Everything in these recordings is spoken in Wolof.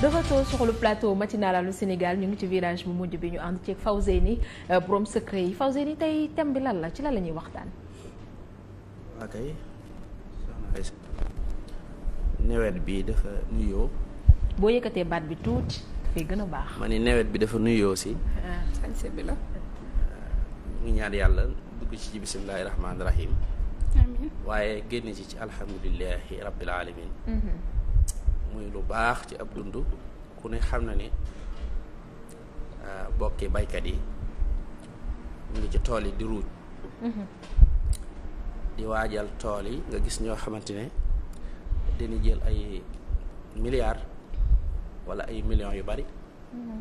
de retour sur le plateau matinal Allô Sénégal ñu ngi ci virage bu mujj bi ñu ànd ceeg ni euh, borom secret yi Fawzeyni tey thème bi lan la ci lan la ñuy waxtaan. ok nawet bi dafa nuyoo. boo yëkkatee baat bi tuuti dafay gën a baax. ma ne nawet bi dafa nuyoo si. Ah, sañse bi la. ñu yàlla dugg ci bisimilahi rahmaani rahim. waaye génn ci ci alhamdulilahi rabbil alamin mhm. muy lu baax ci ab dund ku ne xam na ni ah, bokki baykat yi mu ngi ci tool yi di ruuj mhm. di waajal tool yi nga gis ñoo xamante ne dañu jël ay milliards wala ay millions yu bari mhm.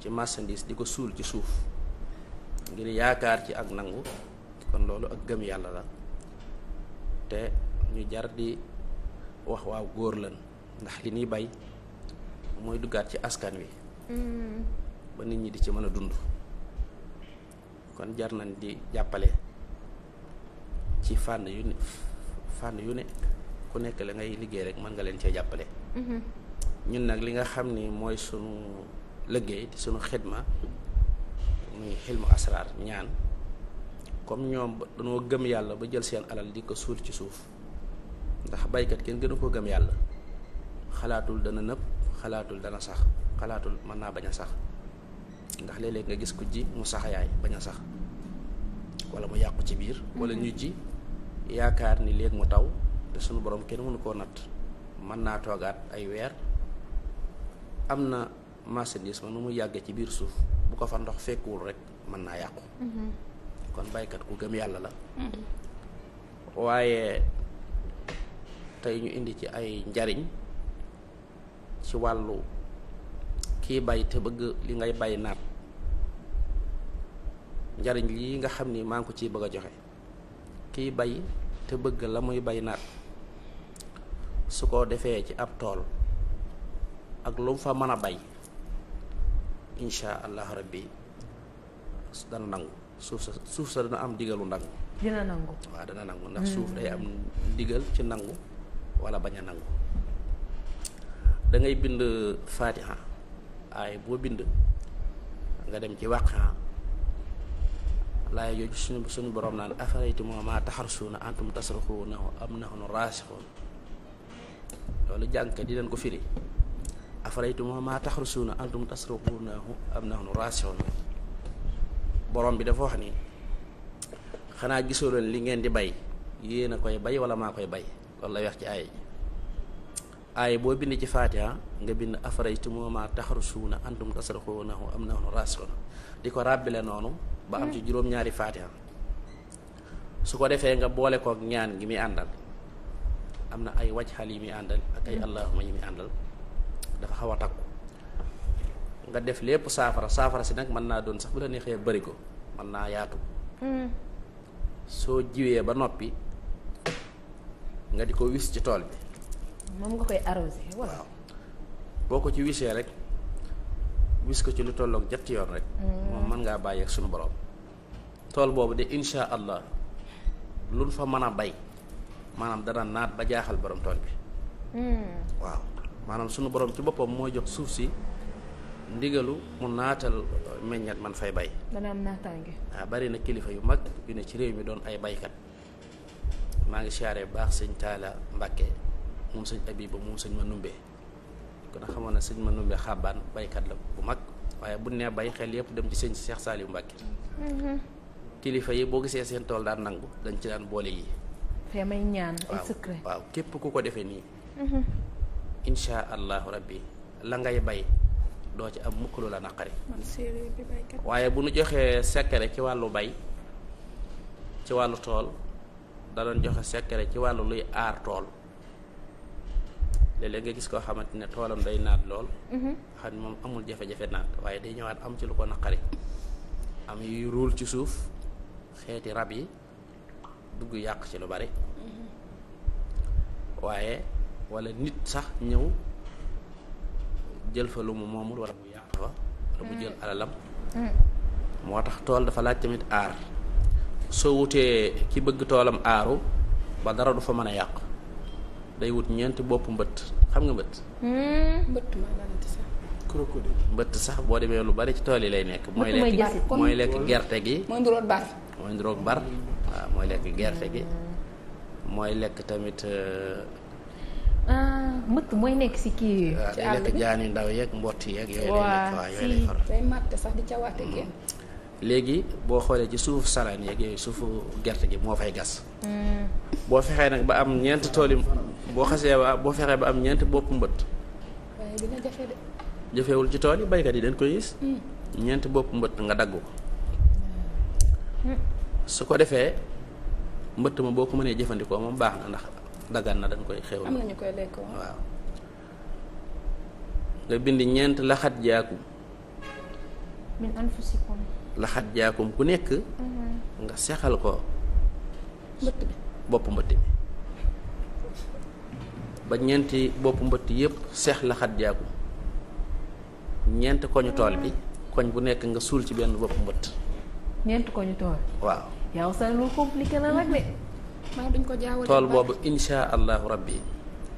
ci marchandise di ko suul ci suuf ngir yaakaar ci ak nangu kon loolu ak gëm yàlla la te ñu jar di wax waaw góor lan ndax li ni bay mooy duggaat ci askan wi. Mm. ba nit ñi di ci mën a dund. kon jar nañ di jàppale ci fànn yu ne fànn yu ne ku nekk la ngay liggéey rek mën nga leen cee jàppale. Mm-hmm. ñun nag li nga xam ni mooy sunu liggéey di sunu xidma muy xilmu asraar ñaan comme ñoom dañoo gëm yàlla ba jël seen alal di ko suul ci suuf ndax baykat kenn gënu ko gëm yàlla. xalaatul dana nëb xalaatul dana sax xalaatul mën naa bañ a sax ndax léeg-léeg nga gis ku ji mu saxayaay bañ a sax wala mu yàqu ci biir wala mhm. ñu ji yaakaar ni léegi mu taw te suñu borom kenn mënu koo natt mën naa toogaat ay weer am na marchandise nu mu yàggee ci biir suuf bu ko fa ndox fekkuwul rek mën naa yàqu mhm. kon baykat ku gëm yàlla la mhm. waaye tey ñu indi ci ay njariñ ci wàllu kii bay te bëgg li ngay bay naat njariñ lii nga xam ni maa ngi ko ciy bëgg a joxe kiy bay te bëgg la muy bay naat su ko defee ci ab tool ak lu mu fa mën a bay insha allah rabbi dana nangu suuf sa suuf sa dana am digalu nangu dina nangu waaw dana nangu ndax hmm. suuf day am digal ci nangu wala bañ a nangu da ngay bind fatiha aay boo bind nga dem ci waqiha laay yooyu suñu suñu borom naan afaraytum maa a antum tasraxuuna am nahnu raasixuun loolu jàngkat yi dañ ko firi afaraytum maa taxarsuuna antum tasraxuuna am nahnu raasixuun borom bi dafa wax ni xanaa gisoo leen li ngeen di bay yéen a koy bay wala maa koy bay loolu lay ci aay aay boo bind ci faatiha nga bind afaraytum ma taxrusuuna antum tasraxuunahu am na nahnu raasixuun di ko ràbbile noonu ba am ci hmm. juróom-ñaari faatiha su ko defee nga boole kook ñaan ngi muy àndal am na ay wajxal yi muy àndal ak ay hmm. allahuma yi muy àndal dafa xaw a takku nga def lépp saafara saafara si nag mën naa doon sax bu la neexee bëri ko mën naa yaatu hmm. soo jiwee ba noppi nga di ko wis ci tool bi moom nga koy arrosé waaw boo ko ci wisee rek wiis ko ci lu tolloog jatti yoon rek. Mm. moom mën ngaa bàyyi suñu sunu borom. tool boobu de insha allah luñ fa mën a bay maanaam dana naat ba jaaxal borom tool bi. Mm. waaw maanaam sunu borom ci boppam mooy jox suuf si. ndigalu mu naatal meññat man fay bay. dana am ah, na kilifa yu mag yu ne ci réew mi doon ay baykat maa ngi siyaare baax sëñ Talla Mbacke moom sëñ ba moom sëñ ma Manoumbe kon a xamoon na sëñ ma Manoumbe xàbban baykat la bu mag waaye bu nee bay xel yëpp dem ci sëñ Cheikh Saliou Mbacke mm-hmm. kilifa yi boo gisee seen tool daan nangu dañ ci daan boole yi fee képp ku ko defee nii mm-hmm. insha allahu rabbi ngay bay doo ci am mukk la naqari bu nu joxee secret ci wàllu bay ci wàllu tool da doon joxe secret ci wàllu luy aar tool léeg nga gis koo xamante ne toolam day naat lool. Mhm. xam ne moom amul jafe-jafe naat waaye day ñëwaat am ci lu ko naqari. am yuy ruul ci suuf xeeti rab yi dugg yàq ci lu bari. Mhm. waaye walla nit sax ñëw jël fa lu mu moomul wala mu yàq fa. wala mu jël mhm. alalam. moo tax tool dafa laaj tamit aar. soo wutee ki bëgg toolam aaru ba dara du fa mën a yàq. day wut ñeent boppu mbëtt xam nga mbëtt. Hmm. mbëtt sax boo demee lu bari ci tool yi lay nekk. mooy lekk mooy lekk gerte gi. mooy nduróog bar. mooy nduróog bar waaw mooy lekk gerte gi mooy lekk tamit. Ah, mbëtt mooy nekk si kii. ci àll bi lekk jaani ndaw yeeg mbott yeeg. yooyu lay lekk waaw yooyu lay far. day léegi boo xoolee ci suuf saraan yeeg yooyu suufu gerte gi moo fay gas. boo fexee nag ba am ñeent tool yi boo xasee ba boo fexee ba am ñeent bopp mbëtt waaye ci tool yi baykat yi dañ koy gis. Hmm. ñeent bopp mbëtt nga dagg ko. Hmm. su ko defee mbëtt ma boo ko mënee jëfandikoo moom baax na ndax daggan na dañ koy xew. am koy lekk waaw. nga bind ñeent laxat jaakum. laxat jaakum ku nekk mm-hmm. nga sexal ko boppu mbëtt bi ba ñeenti boppu mbëtt yépp seex laxat jaakum ñeent koñu tool bi mm-hmm. koñ bu nekk nga suul ci benn boppu mbëtt ñeent koñu tool waaw yow sa lu compliqué na nag de duñ ko jaawale tool boobu insha allahu rabbi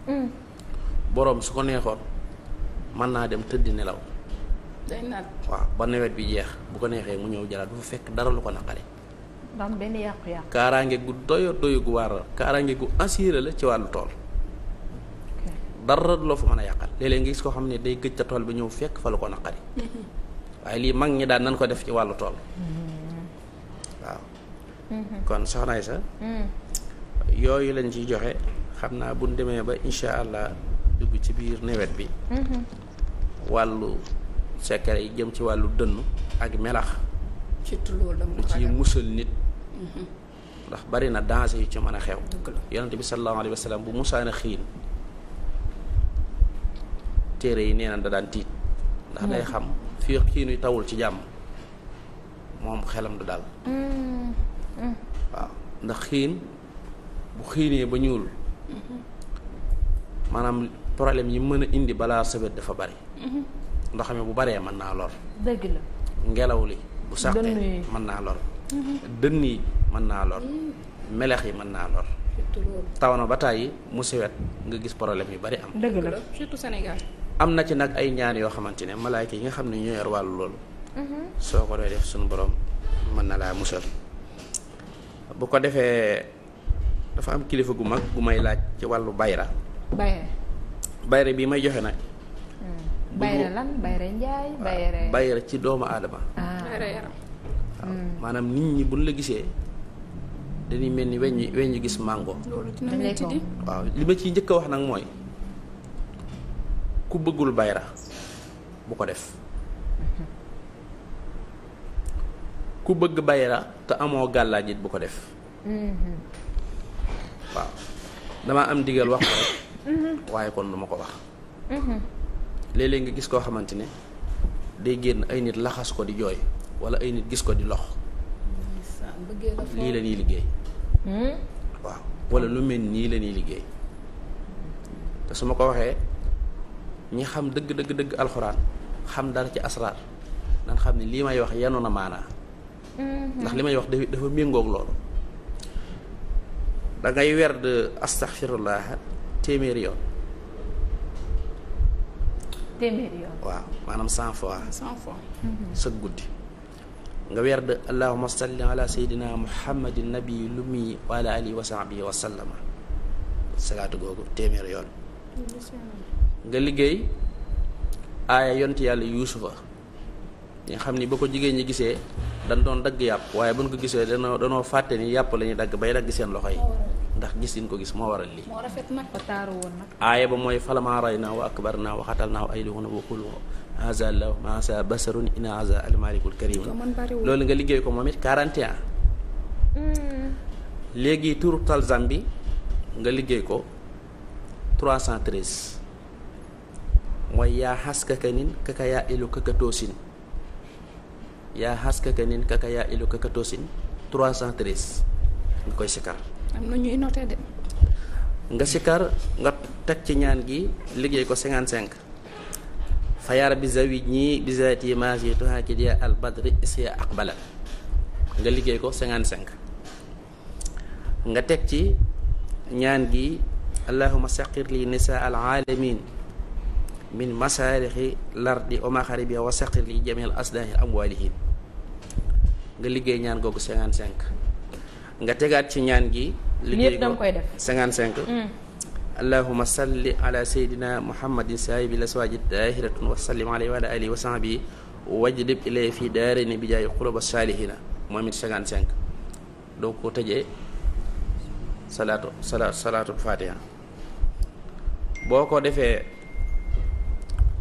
mm. boroom su ko neexoon mën naa dem tëdd nelaw day waaw ba nawet bi jeex bu ko neexee mu ñëw jalaat du fa fekk dara lu ko naqari. ba am benn yàqu-yàqu. kaaraange gu doyo doyo gu waar la kaaraange gu assuré la ci wàllu tool. dara loo fa mën a yàqal léeg-léeg gis koo xam ne day gëj ca tool bi ñëw fekk fa lu ko naqari. waaye lii mag ñi daan nan ko def ci wàllu tool. Mm-hmm. waaw. Mm-hmm. kon soxna Aïssa. Mm. yooyu lañ ci joxe xam naa bu ñu demee ba incha allah dugg ci biir nawet bi. Mm-hmm. wàllu. secret yi jëm ci wàllu dënn ak melax surtout loolu dama ko ci musal nit mhm. ndax bari na danger yu ci mën a xew yonente bi sallallahu alayhi wa sallam bu musaana xiin téere yi neena na daan tiit ndax day xam fii xiinuy tawul ci jàmm moom xelam du dal mhm. Mhm. waaw ndax xiin bu xiinee ba ñuul maanaam problème yi mën a indi balaa sëbët dafa bari ndox bu baree mën naa lor. dëgg ngelaw li. bu saxee mën naa lor. dënn yi mën naa lor. Mhm. Mhm. melex yi mën naa lor. taw na ba tàyyi mu siwet nga gis problème yu bari am. dëgg surtout Sénégal. am na ci nag ay ñaan yoo xamante ne malaayka yi nga xam ne ñoo yor wàllu loolu. Mhm. soo ko doy def suñu boroom mën na laa musal. bu ko defee dafa am kilifa gu mag gu may laaj ci wàllu bayra. bayra bayra bii may joxe nag. bayre lan bayre njaay ci doomu aadama ah. waaw hmm. maanaam nit ñi buñ la gisee dañuy mel ni weñ weñ gis màngo waaw li ma ci njëkk wax nag mooy ku bëggul bayra bu ko def ku bëgg bayra te amoo gàllaajit bu ko def hmm. waaw damaa am digal wax ko rek hmm. waaye kon lu ma ko wax léeg nga gis koo xamante ne day génn ay nit laxas ko di jooy wala ay nit gis ko di lox lii la ñuy liggéey waaw walla lu mel nii la liggéey te su ma ko waxee ñi xam dëgg dëgg dëgg alxuraan xam dara ci asraar nan xam ne lii may wax yanu na maanaa ndax li may wax dafa méngoog loolu da ngay werd astaxfirullah téeméeri yoon téeméeri yoon waaw maanaam cent fois cent fois mhm. sëg guddi nga weer de allahuma salli ala sayyidina muhammadin nabi lumi wa ala alihi wa sahbihi salaatu googu téeméer yoon nga liggéey aaya yonti yàlla yuusufa nga xam ni boo ko jigéen ñi gisee dañ doon dagg yàpp waaye buñ ko gisee danoo danoo fàtte ni yàpp la ñuy dagg bay dagg seen loxo yi ndax gis ñu ko gis moo waral lii. moo aaya ba mooy falamaa raynaa wa akbarnaa wa xatalnaa wa ayluhunaa wa qulu haazaa Allaahu maa haazaa basarun in haazaa illaa malikun kariim loolu nga liggéey ko moom it 41. Hmm. léegi turu talzam bi nga liggéey ko 313. mooy yaa xas kakanin kaka yaa ilu kaka toosin yaa xas kakanin kaka yaa ilu kaka toosin 313 nga koy sikar am na ñuy noté de. nga sikar nga teg ci ñaan gi liggéey ko 55. fayaar bi zawi ñii bi yi maagi tuhaa ki diya al badri nga liggéey ko 55. nga teg ci ñaan gi allahuma saqir li nisa al alamin min masarixi lardi wa maxaribiha wa saqir li jami al asdahi nga liggéey ñaan googu 55. nga tegaat ci ñaan gi. liggéey ko koy def 55. Mm. allahuma salli ala sayyidina muhammadin saahibil aswaaji daahiratin wa sallim alayhi wa ala alihi wa sahbihi wajdib ilay fi moom it 55. doo ko tëjee salaatu salaatu salaatul fatiha boo ko defee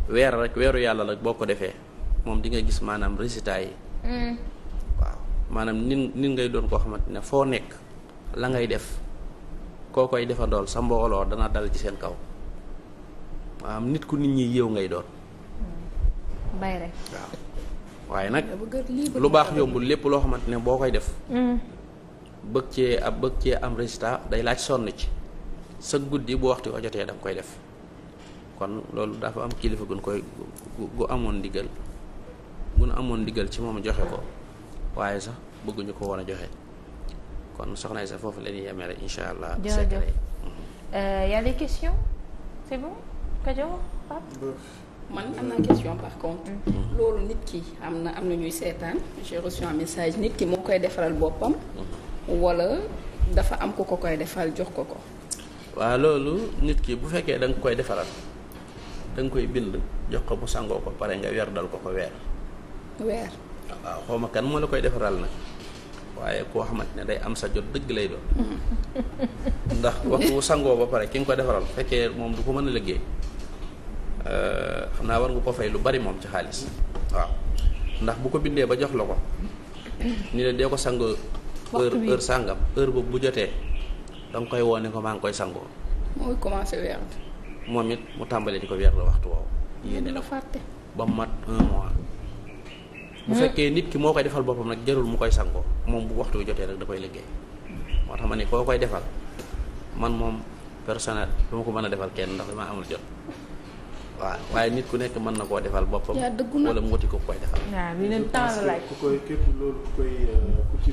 weer rek weeru yàlla rek boo ko defee moom di nga gis maanaam résultat maanaam nit nit ngay doon koo xamante ne foo nekk la ngay def koo koy defandool sa mbooloo dana dal ci seen kaw maanaam nit ku nit ñi yéew ngay doon. Mm. waaye nag lu baax yombu lépp loo xamante ne boo koy def. Mm. bëgg cee ab bëgg am résultat day laaj sonn ci sa guddi bu waxtu wa jotee da koy def kon loolu dafa am kilifa gun koy gu amoon ndigal gun amoon ndigal ci moom joxe ko. waaye sax bëgguñu ko woon a joxe kon soxna Aïssa foofu la ñuy rek incha allah. jërëjëf euh, y a des questions c'est bon Kajo Pape man am naa question par contre. Mm-hmm. loolu nit ki am na am na ñuy seetaan j'ai reçu message nit ki moo koy defaral boppam. Mm-hmm. wala dafa am ku ko koy defal jox ko ko. waa loolu nit ki bu fekkee da nga koy defaral da koy bind jox ko bu sangoo ko pare nga weer dal ko ko weer. weer. waaw xaw ma kan moo la koy defaral nag waaye koo xamante ne day am sa jot dëgg lay doon ndax waxtu sangoo ba pare ki nga ko defaral bu fekkee moom du ko mën a liggéey xam naa war nga ko fay lu bari moom ci xaalis waaw ndax bu ko bindee ba jox la ko ni la dee ko sangoo heure heure sàngam heure boobu bu jotee danga koy woone ko maa ngi koy sangoo mooy commencé weer moom it mu tàmbalee di ko weer la waxtu woowu yéene la ba mu mat un mois bu fekkee nit ki moo koy defal boppam nag jarul mu koy sangoo moom bu waxtu jotee rek da koy liggéey moo tax ma ne koo koy defal man moom personnel du ko mën a defal kenn ndax dama amul jot waaw waaye nit ku nekk mën na koo defal boppam. wala mu la ku koy képp loolu ku koy euh, ku ci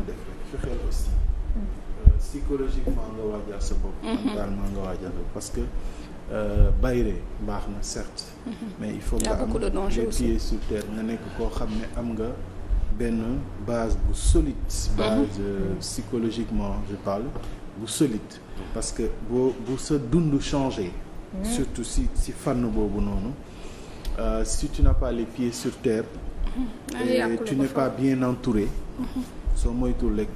a def rek fexeel aussi mm. euh, psychologiquement nga waajal la bopp. Mm-hmm. mentalement nga waajal parce que. Euh, bayre baax na certes mhm. mais il faut nga am les pieds nga nekk koo xam ne am nga benn base bu solide mhm. base euh, psychologiquement je parle bu solide parce que boo bu sa dund changé mhm. surtout si si fànn boobu noonu euh, si tu n'as pas les pieds sur terre ah, et tu n'es pas bien entouré soo moytul rek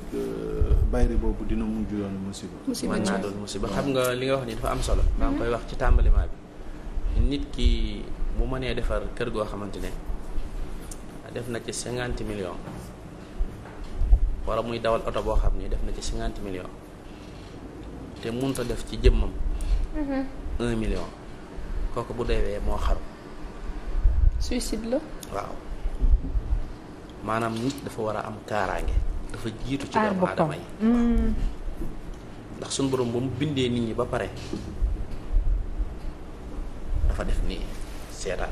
bayre boobu dina mujj doon musiba. musiba mën naa doon xam nga li nga wax ni dafa am solo. maa ngi mhm. koy wax ci tàmbalima bi. nit ki bu mënee defar kër goo xamante ne def na ci cinquante million wala muy dawal oto boo xam ni def na ci cinquante million te mënut a def ci jëmmam. Mhm. un million kooku bu deewee moo xaru. suicide la. waaw maanaam nit dafa war a am kaaraange. dafa jiitu ci doomu aadama yi mm. ndax suñu borom ba mu bindee nit ñi ba pare dafa def nii seetaan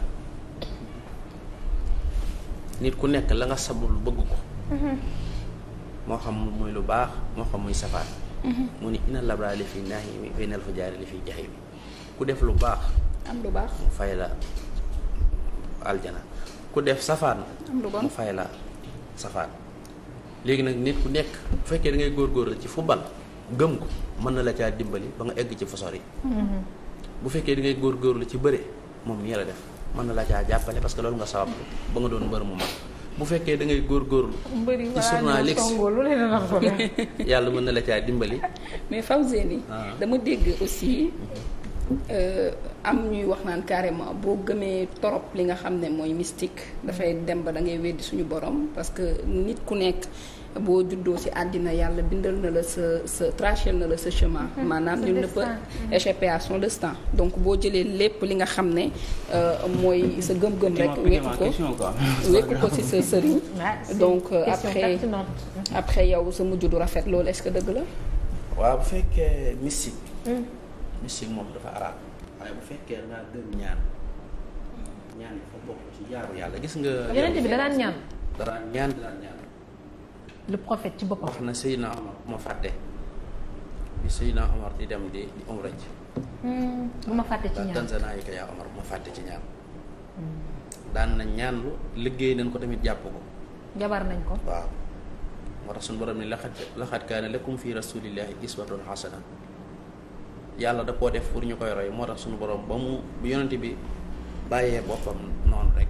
nit ku nekk la nga sabul bëgg ko mm-hmm. moo xam muy lu baax moo xam muy safaan mm-hmm. mu ni inna labra li fi naximi wa innal fujjaara li fi jaximi ku def lu baax am lu baax mu fay la aljana ku def safaan mu fay la safaan léegi nag nit ku nekk bu fekkee da ngay góorgóorlu ci football gëm ko mën na la caa dimbali ba nga egg ci fosor yi mm-hmm. bu fekkee da ngay góorgóorlu ci bëre moom nii la def mën na la caa jàppale parce que loolu nga sabab ba nga doon mbër mu mag bu fekkee da ngay góorgóorlu ci journaliste yàlla mën na la caa dimbali mais Fawzeni ah. dama dégg aussi mm-hmm. Euh, am ñuy wax naan carrément boo gëmee torop li nga xam ne mooy mystique dafay dem ba da ngay weddi suñu borom parce que nit ku nekk boo juddoo ci àddina yàlla bindal na la sa sa tracé na la sa chemin mm-hmm. maanaam ñun ne peut échapper à son destin mm-hmm. donc boo jëlee lépp li nga xam ne euh, mooy sa gëm-gëm rek wekku ko wekku ko ci sa sëriñ donc euh, après après yow sa mujj du rafet loolu est-ce que dëgg la waaw bu fekkee mystique mm. mystique moom dafa araam fekkee dangaa gëm yàlla gis nga yonent bi danaan ñaan danaan ñaan ci boppam wax na Seydina Omar bu ma fàtte bi Seydina Omar di dem di di hmm, bu ma fàtte ci ñaan tanzana hmm. ñaan daan liggéey nañ ko tamit jàpp ko jabar nañ ko waaw moo tax suñu borom ni laxat laxat kaana lakum fi rasulillahi iswatun hasana yàlla da koo def pour ñu koy roy moo tax suñu borom ba mu bu yonent bi bàyyee boppam noonu rek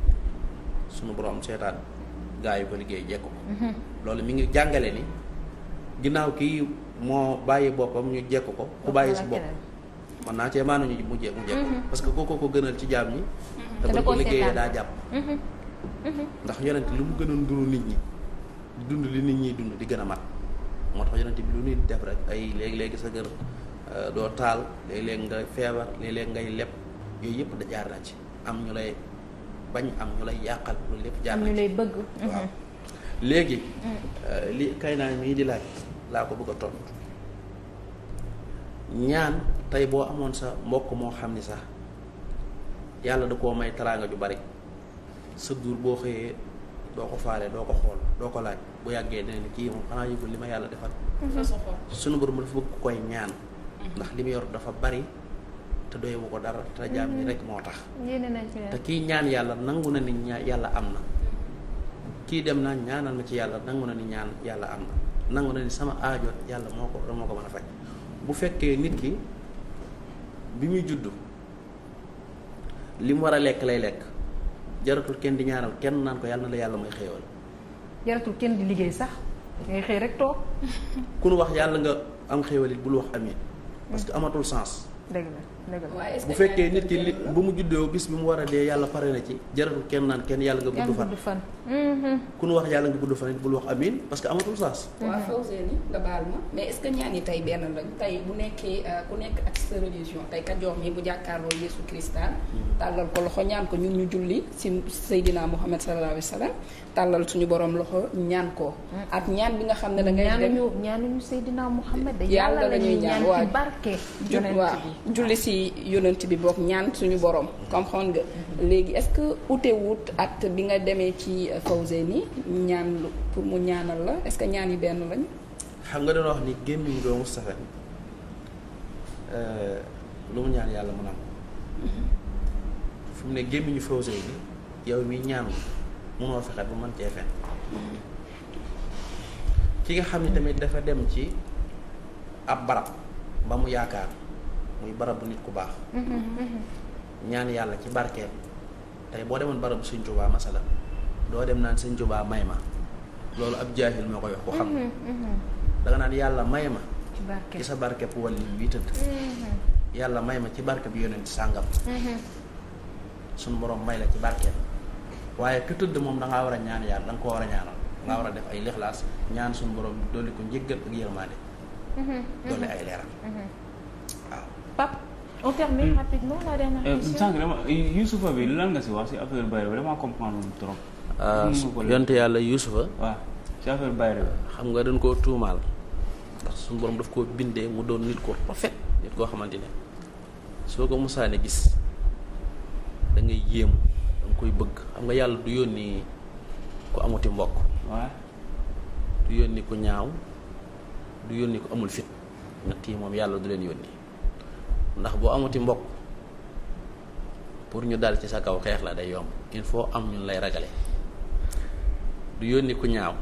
suñu borom seetaan gaa yu ko liggéey jekku ko mhm. loolu mi ngi jàngale ni ginnaaw kii moo bàyyi boppam ñu jekku ko ku bàyyi si bopp man naa cee maanaam ñu mujjee mu jekku mhm. parce que kooku ko gënal ci jaam ñi mhm. te ba ko liggéeyee daa jàpp ndax yonent li mu gën a nit ñi dund li nit ñi dund di gën a mat moo tax yonent bi lu nit def rek ay léegi-léegi sa gër Euh, doo taal léeg-léeg nga feebar léeg-léeg ngay leb yooyu yëpp da jaar na ci am ñu lay bañ am ñu lay yàqal loolu lépp jaar na ci am ñu lay bëgg. Mhm. léegi. Mm. Euh, li mii di laaj laa ko bëgg a tontu ñaan tey boo amoon sa mbokk moo xam ni sax yàlla da koo may taraanga ju bari sa jur boo xëyee doo ko faale doo ko xool doo ko laaj bu yàggee dina ni kii moom xanaa yëgul li ma yàlla defal. Mhm. suñu borom dafa bëgg koy ñaan. ndax li yor dafa bari te doyewu ko dara te jaam ñi mm-hmm. rek moo tax te kii ñaan yàlla nangu na ni ñaan yàlla am na kii dem naa ñaanal ma ci yàlla nangu na ni ñaan yàlla am na nangu na ni sama aajo yàlla moo ko moo ko mën a faj bu fekkee nit ki bi muy juddu li war a lekk lay lekk jaratul kenn di ñaanal kenn naan ko yàlla na la yàlla may xéewal jaratul kenn di liggéey sax ngay xëy rek toog ku nu wax yàlla nga am xéewal it bul wax amiin parce que amatul sens. dëgg la bu fekkee nit ki nit bu mu juddoo bis bi mu war a dee yàlla pare na ci jaratul kenn naan kenn yàlla nga gudd fan mhm. ku nu wax yàlla nga gudd fan it bul wax amiin parce que amatul saas mhm. waaw fawsee ni nga baal ma mais est ñaan yi tey benn lañ tey bu nekkee euh, ku nekk ak sa religion tey ka jox mi bu jàkkaarloo Yeesu Christa mhm. tàllal ko loxo ñaan ko ñun ñu julli si Seydina Muhammad sallallahu alayhi tàllal suñu borom loxo ñaan ko mm. ak ñaan bi nga xam ne da ngay ñaanuñu ñaanuñu Seydina Muhammad yàlla la ñuy ñaan ci bi boog ñaan suñu borom comprendre nga. léegi est-ce que ute wut at bi nga demee ci euh, Fawzeyni ñaan lu pour mu ñaanal la est-ce que ñaan yi benn lañ. xam nga doon wax ni gémmiñ doomu safe euh, lu mu ñaan mm-hmm. ne gémmiñu Fawzeyni yow mi ñaan munoo fexe ba mën cee fen mm-hmm. nga xam ne tamit dafa dem ci ab barab ba mu yaakaar. muy barab bu nit ku baax mm-hmm, mm-hmm. ñaan yàlla ci barkeem tey boo demoon barabu sëñ Tuubaa masala doo dem naan sëñ Tuubaa may ma loolu ab jaahil moo koy wax ku xam mm-hmm, da nga naan yàlla may ma ci sa barkeb wàlli bii tëdd may ma ci barkeb yonent sàngam suñu borom may la ci barkeem waaye ku tëdd moom da ngaa war a ñaan yàlla da nga ko war a ñaanal da war a def ay lixlaas ñaan suñu borom dolli ko njëggal ak yërmaande dolli ay leeral Pape on termine euh, rapidement euh, euh, bi lan nga si wax si affaire Bayero bi dama ah, yonte yàlla Youssoupha. waaw si affaire xam nga dañ koo tuumaal ndax suñu daf koo bindee mu doon nit ko rafet nit koo xamante ne soo ko musaane gis da ngay yéemu koy bëgg xam nga yàlla du yónni ku amuti mbokk. waaw du yónni ku ñaaw du yónni ku amul fit ñett yi moom yàlla du leen yónni. ndax boo amati mbokk pour ñu dal ci sa kaw xeex la day yomb il faut am ñun lay ragale du yónni ku ñaaw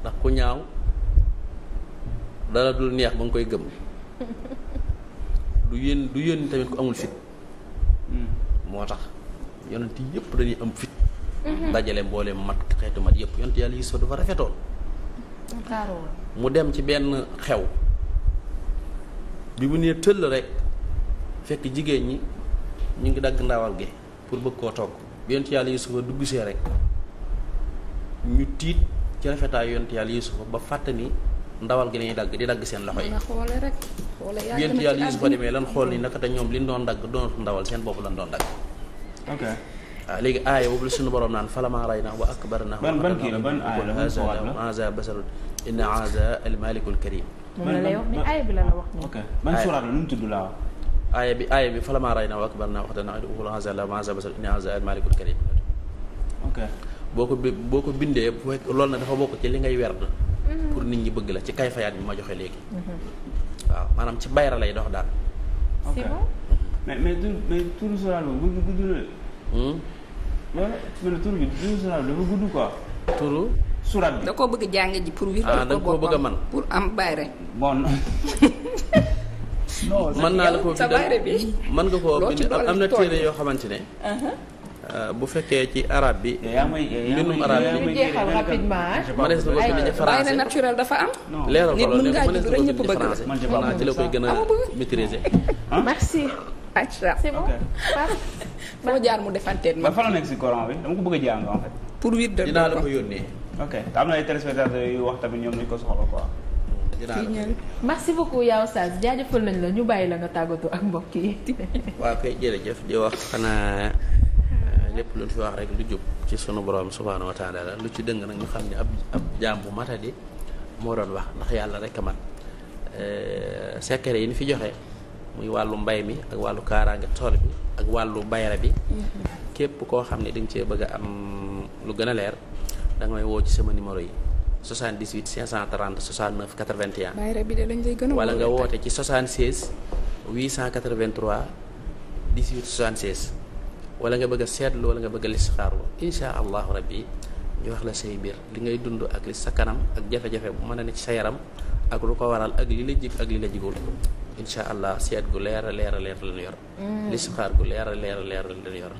ndax ku ñaaw dara dul neex ba nga koy gëm du yónni du yónni tamit ku amul fit moo tax yonent yëpp dañuy am fit mhm. dajale mboolem mat xeetu mat yëpp yonent yàlla yi soo dafa rafetoon mu dem ci benn xew bi mu nee tëll rek fekk jigéen ñi ñu ngi dagg ndawal gi pour bëgg koo togg yonent yàlla yusufa dugg see rek ñu tiit ci rafetaay yonent yàlla yusufa ba fàtta ni ndawal gi lañuy dagg di dagg seen loxo yi yonent yàlla yusufa demee lan xool ni naka te ñoom li ñu doon dagg doonatu ndawal seen bopp lan doon dagg ok waaw ah, léegi aaya boobu la suñu borom naan falamaa raynaahu wa akbarnaahu ban ban kii la ban aaya la ban sawaat la haazaa basarun inna haazaa al-maalikul kariim moom la bi la la wax ban suraat la nu mu tudd laa aaya bi aaya bi falamaa ray na wa akbar naa wax dana uxul anzala ma anzala basar inna anzala malikul karim ok boo ko bi boo ko bindee bu fekk na dafa bokk ci li ngay werd mm-hmm. pour nit ñi bëgg la ci kay fayaat bi ma joxe léegi mm-hmm. waaw maanaam ci bayra lay dox daal c'est bon mais mais tur mais turu Sonatel boobu gudd gudd na. loolu hmm? bi dafa gudd quoi. turu. surat bi da koo bëgg a jàng ji pour. wér ko boppam ah da nga koo bëgg a mën. pour am bayre bon. mën naa la ko bindal mën nga koo bind am na téere yoo xamante ne uh-huh. uh, bu fekkee ci arab bi eh, eh, mbindum arab bi mënees na ko bind ci français dafa am leeral ko loolu mënees na ko bind ci la koy gën a maîtriser merci acca c'est bon foo jaar mu defanteet ma fa la si coran bi dama ko bëgg a jàng en fait pour huit dinaa la ko yónnee am na ay wax tamit ñoom ko soxla quoi merci beaucoup yow Sass jaajëfal nañ la ñu bàyyi la nga tàggatoo ak mbokk yi. waaw kay jërëjëf di wax xanaa euh, lépp lu ñu fi wax rek lu jub ci sunu borom subhaanahu wa lu ci dëng nag ñu xam ne ab ab jaam bu matadi moo doon wax ndax yàlla rek a mat euh, secret yi nu fi joxe muy wàllu mbay mi ak wàllu kaaraange tool bi ak wàllu bayra bi. Mm-hmm. képp koo xam ne da cee bëgg a am lu gën a leer da ngay woo ci sama numéro yi. 78 530 69 81. bayra bi de lañ lay gën a nga woote ci 76 883 18 76. wala nga bëgg a seetlu wala nga bëgg a listixaarlu insha allahu rabbi ñu wax la say biir li ngay dund ak li sa kanam ak jafe-jafe bu mën a ne ci sa yaram ak lu ko waral ak li la jig ak li la jigul insha allah seet gu leer a leer a leer lañu yor mm. listixaar gu leer a leer a leer lañu yor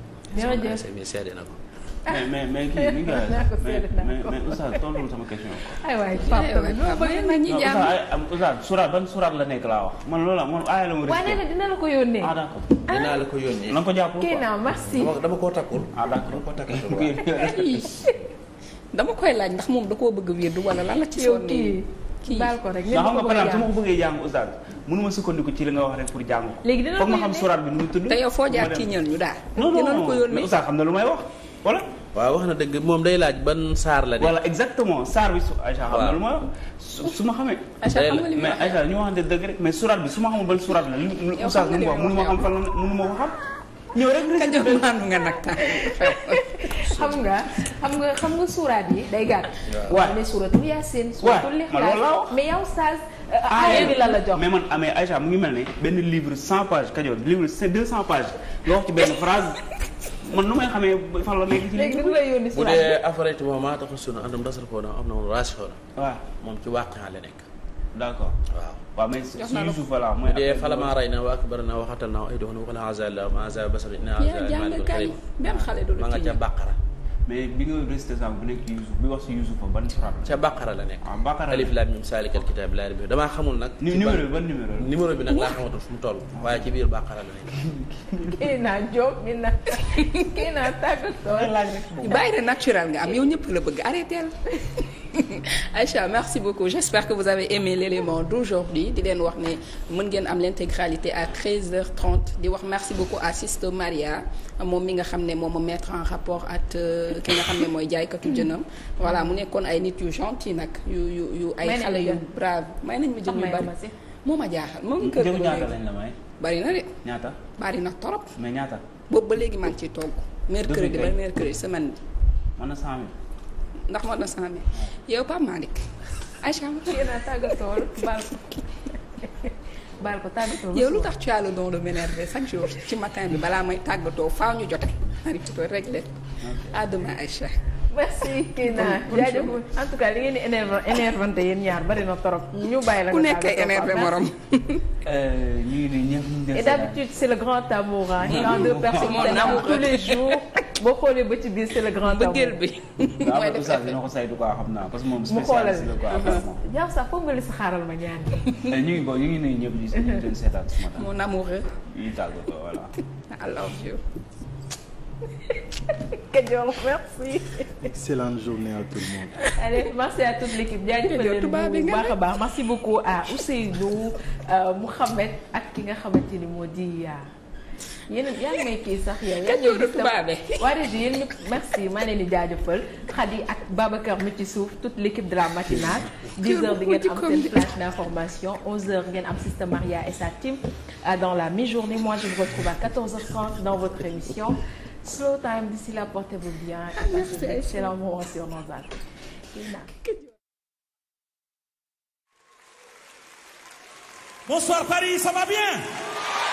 sa mi na ko mais mais mais kii mi ngi mais mais Oustaz tontul sama question. aywaay Pape tamit waaw man ñi jàmm non Oustaz sura ban suraat la nekk laa wax man loolu man aaya la ma. waaw nee na dina la ko yónnee. ah d'accord dinaa la ko yónnee. E na ko jàppul kii naa merci. dama koo takkul. ah d'accord dama koo takkul dama koy laaj ndax moom da koo bëgg a wér du wala lan la ci sonn kii. kii baal ko rek xam nga par exemple su ma ko bëggee jàng Oustaz mënuma sukkandiku ci li nga wax rek pour jàng ko. léegi dina la ko yónnee foog ma xam suraat bi nu mu tudd. te yow foo jaar kii ñëw ñu daal. dina la ko yónnee Oustaz xam na lu may wax voilà. waaw wax na dëgg moom day laaj ban saar la de. voilà exactement saar bi su. Aïcha xam na lu ma su su ma xamee. Aïcha xam nga li mais Aïcha mais surat bi su ma xamul ban surat la. lu oustaz nu mu wax mënu ma xam fan mënu ma ko xam. ñëw rek rek kañ maanu nga nag xam xam nga xam nga suuraat yi day gàtt. waaw ne suuratul Yaasin. suuratul Lixlaas mais yow Saas. Euh, ah, aaya bi la jox mais man amee ah, Aïcha mu ngi mel ne benn livre cent pages kajoor livre c'est deux cent pages nga wax ci benn phrase. man nu may xamee fan la léegi dina lay yónni si bu dee affaire yi maa tax a sunu andam dasar koo am na relation la. waaw moom ci waaqia la nekk. d' accord waaw. waaw si Yusuf voilà mooy. bu dee falamaa rey na waa bari na waxatal naa ay doon wala azal ma azal basar. yaa jàng kay benn xale du la ci ñëw ma nga ca Baqara. mais bi nga resté sànq bu nekk Youssouf bi wax si Youssouf ban surat la. ca Baqara la nekk. waaw ah, Baqara alif laam kitaab laa rayba damaa xamul nag. ci bi ban numéro la. numéro bi nag laa xamatul fu mu toll. waaye ci biir Baqara la nekk. kii naa Diop mi na kii naa tàggatoo. bàyyi na naturel nga am yow ñëpp la bëgg arrêté la. Aïcha merci beaucoup j'espère que vous avez aimé l'élément d'aujourd'hui di leen wax ne mën ngeen am l'intégralité à 13h30 di wax merci beaucoup à Siste Maria moom mi nga xam ne moom ma mettre en rapport ak euh, ki nga xam ne mooy jaaykatu jënam voilà mu nekkoon ay nit yu gentil nag yu yu yu ay xale yu brave may nañ ma jën yu bari moo ma jaaxal moom kër bari na de ñaata bari na trop mais ñaata boobu ba léegi maa ngi ciy togg mercredi ba mercredi semaine bi ndax mot na cent mille yow Pape Malick Aïcha ma xëy na tàggatool baal ko baal ko tàggatoo yow lu tax tu as le don chaque jour ci matin bi balaa may tàggatoo faaw ñu jote. xarit rek de à demain Aïcha merci Kina jaajëf en tout cas li ngeen di énerve énervante yéen ñaar bari na torop ñu bàyyi la ku nekk énerve morom. Euh, ñu ngi nii ñëpp et d'habitude c'est le grand amour ah. quand deux personnes s'aiment tous les jours. boo xoolee ba ci biir c'est le grand amour bëggeel bi. Ah, mooy def dina ko saytu quoi xam naa parce que moom spécialiste la quoi. yow sax foog nga li si ma ñaan. Euh, ñu ñu ngi nuyu ñëpp di seetaan ce matin. mon amoureux. ñu tàggatoo voilà. I love Kajoor merci. excellente journée à tout le monde. allez merci à toute l'équipe jaajëfal leen bu baax a merci beaucoup à Ousseynou euh, Mouhamed ak ki nga xamante ni moo di euh, yéen a yaa ngi may kii sax yow. yaa ngi may gis waa Régis yéen ñëpp merci maa leen di jaajëfal Khady ak Babacar mi ci suuf toute l'équipe de la matinale. 10h di ngeen am seen flash d'information 11h ngeen am Sister Maria et sa team euh, dans la mi-journée moi je vous retrouve à 14h30 dans votre émission. Slow time d'ici là, portez-vous bien ah, et passez un excellent moment sur nos âges. Bonsoir Paris, ça va bien